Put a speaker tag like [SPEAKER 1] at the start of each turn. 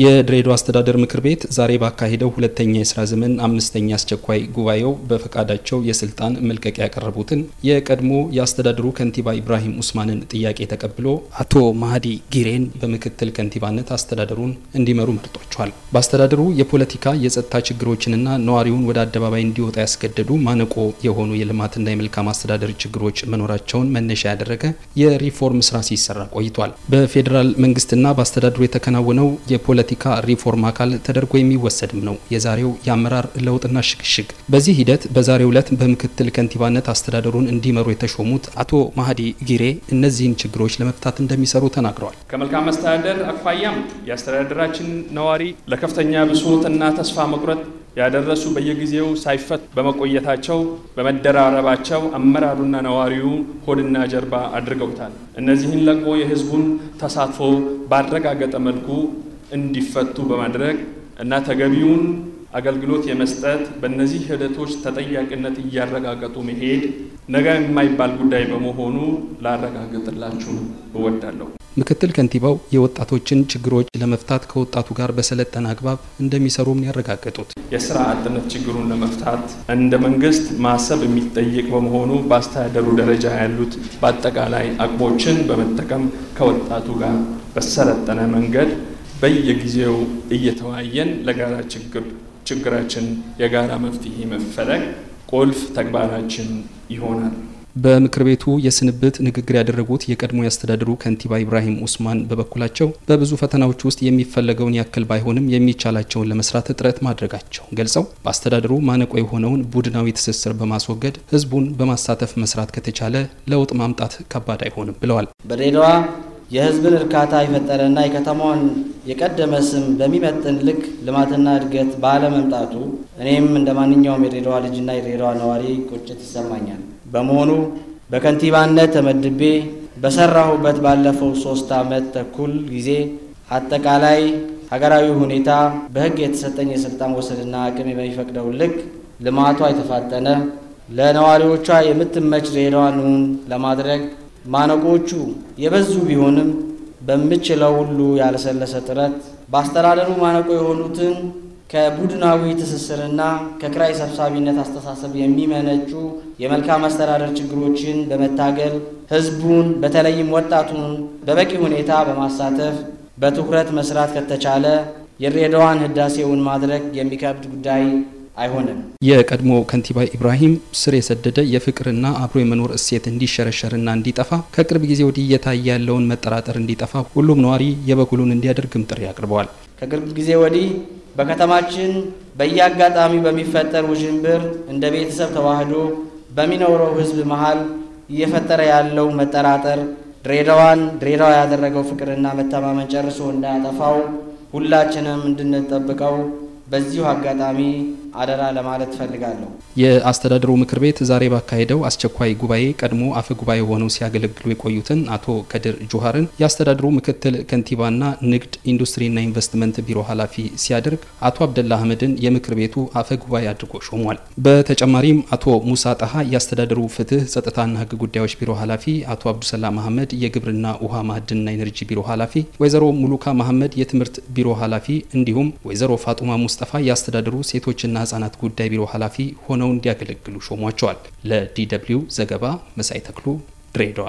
[SPEAKER 1] የድሬዳዋ አስተዳደር ምክር ቤት ዛሬ ባካሄደው ሁለተኛ የስራ ዘመን አምስተኛ አስቸኳይ ጉባኤው በፈቃዳቸው የስልጣን መልቀቂያ ያቀረቡትን የቀድሞ የአስተዳደሩ ከንቲባ ኢብራሂም ኡስማንን ጥያቄ ተቀብሎ አቶ ማህዲ ጊሬን በምክትል ከንቲባነት አስተዳደሩን እንዲመሩ መርጧቸዋል። በአስተዳደሩ የፖለቲካ የጸጥታ ችግሮችንና ነዋሪውን ወደ አደባባይ እንዲወጣ ያስገደዱ ማነቆ የሆኑ የልማትና የመልካም አስተዳደር ችግሮች መኖራቸውን መነሻ ያደረገ የሪፎርም ስራ ሲሰራ ቆይቷል። በፌዴራል መንግስትና በአስተዳደሩ የተከናወነው የፖለ የፖለቲካ ሪፎርም አካል ተደርጎ የሚወሰድም ነው የዛሬው የአመራር ለውጥና ሽግሽግ። በዚህ ሂደት በዛሬው ዕለት በምክትል ከንቲባነት አስተዳደሩን እንዲመሩ የተሾሙት አቶ ማህዲ ጊሬ እነዚህን ችግሮች ለመፍታት እንደሚሰሩ ተናግረዋል።
[SPEAKER 2] ከመልካም መስተዳደር አኳያም የአስተዳደራችን ነዋሪ ለከፍተኛ ብሶትና ተስፋ መቁረጥ ያደረሱ በየጊዜው ሳይፈት በመቆየታቸው በመደራረባቸው አመራሩና ነዋሪው ሆድና ጀርባ አድርገውታል። እነዚህን ለቆ የህዝቡን ተሳትፎ ባረጋገጠ መልኩ እንዲፈቱ በማድረግ እና ተገቢውን አገልግሎት የመስጠት በእነዚህ ሂደቶች ተጠያቂነት እያረጋገጡ መሄድ ነገ የማይባል ጉዳይ በመሆኑ ላረጋግጥላችሁ እወዳለሁ።
[SPEAKER 1] ምክትል ከንቲባው የወጣቶችን ችግሮች ለመፍታት ከወጣቱ ጋር በሰለጠነ አግባብ እንደሚሰሩም ያረጋገጡት የስራ
[SPEAKER 2] አጥነት ችግሩን ለመፍታት እንደ መንግስት ማሰብ የሚጠይቅ በመሆኑ በአስተዳደሩ ደረጃ ያሉት በአጠቃላይ አቅሞችን በመጠቀም ከወጣቱ ጋር በሰለጠነ መንገድ በየጊዜው እየተወያየን ለጋራ ችግራችን የጋራ መፍትሄ መፈለግ ቁልፍ ተግባራችን ይሆናል።
[SPEAKER 1] በምክር ቤቱ የስንብት ንግግር ያደረጉት የቀድሞ ያስተዳድሩ ከንቲባ ኢብራሂም ኡስማን በበኩላቸው በብዙ ፈተናዎች ውስጥ የሚፈለገውን ያክል ባይሆንም የሚቻላቸውን ለመስራት ጥረት ማድረጋቸውን ገልጸው በአስተዳድሩ ማነቆ የሆነውን ቡድናዊ ትስስር በማስወገድ ሕዝቡን በማሳተፍ መስራት ከተቻለ ለውጥ ማምጣት ከባድ አይሆንም ብለዋል።
[SPEAKER 3] በሌላዋ የህዝብን እርካታ የፈጠረና የከተማውን የቀደመ ስም በሚመጥን ልክ ልማትና እድገት ባለመምጣቱ እኔም እንደ ማንኛውም የድሬዳዋ ልጅና የድሬዳዋ ነዋሪ ቁጭት ይሰማኛል። በመሆኑ በከንቲባነት ተመድቤ በሰራሁበት ባለፈው ሶስት ዓመት ተኩል ጊዜ አጠቃላይ ሀገራዊ ሁኔታ በህግ የተሰጠኝ የስልጣን ወሰድና አቅም በሚፈቅደው ልክ ልማቷ የተፋጠነ ለነዋሪዎቿ የምትመች ድሬዳዋን ለማድረግ ማነቆቹ የበዙ ቢሆንም በምችለው ሁሉ ያለሰለሰ ጥረት በአስተዳደሩ ማነቆ የሆኑትን ከቡድናዊ ትስስርና ከክራይ ሰብሳቢነት አስተሳሰብ የሚመነጩ የመልካም አስተዳደር ችግሮችን በመታገል ህዝቡን በተለይም ወጣቱን በበቂ ሁኔታ በማሳተፍ በትኩረት መስራት ከተቻለ የድሬዳዋን ህዳሴውን ማድረግ የሚከብድ ጉዳይ አይሆንም።
[SPEAKER 1] የቀድሞ ከንቲባ ኢብራሂም ስር የሰደደ የፍቅርና አብሮ የመኖር እሴት እንዲሸረሸርና እንዲጠፋ ከቅርብ ጊዜ ወዲህ እየታየ ያለውን መጠራጠር እንዲጠፋ ሁሉም ነዋሪ የበኩሉን እንዲያደርግም ጥሪ አቅርበዋል።
[SPEAKER 3] ከቅርብ ጊዜ ወዲህ በከተማችን በየአጋጣሚ በሚፈጠር ውዥንብር እንደ ቤተሰብ ተዋህዶ በሚኖረው ህዝብ መሀል እየፈጠረ ያለው መጠራጠር ድሬዳዋን ድሬዳዋ ያደረገው ፍቅርና መተማመን ጨርሶ እንዳያጠፋው ሁላችንም እንድንጠብቀው በዚሁ አጋጣሚ አደራ ለማለት ፈልጋለሁ።
[SPEAKER 1] የአስተዳደሩ ምክር ቤት ዛሬ ባካሄደው አስቸኳይ ጉባኤ ቀድሞ አፈ ጉባኤ ሆነው ሲያገለግሉ የቆዩትን አቶ ከድር ጁሃርን የአስተዳደሩ ምክትል ከንቲባና ንግድ ኢንዱስትሪና ኢንቨስትመንት ቢሮ ኃላፊ ሲያደርግ አቶ አብደላ አህመድን የምክር ቤቱ አፈ ጉባኤ አድርጎ ሾሟል። በተጨማሪም አቶ ሙሳ ጣሃ የአስተዳደሩ ፍትህ፣ ጸጥታና ህግ ጉዳዮች ቢሮ ኃላፊ፣ አቶ አብዱሰላም አህመድ የግብርና ውሃ፣ ማዕድንና ኤነርጂ ቢሮ ኃላፊ፣ ወይዘሮ ሙሉካ መሐመድ የትምህርት ቢሮ ኃላፊ እንዲሁም ወይዘሮ ፋጡማ ሙስጠፋ የአስተዳደሩ ሴቶችና ሴቶችና ህጻናት ጉዳይ ቢሮ ኃላፊ ሆነው እንዲያገለግሉ ሾሟቸዋል። ለዲ ደብልዩ ዘገባ መሳይ ተክሉ ድሬዳዋ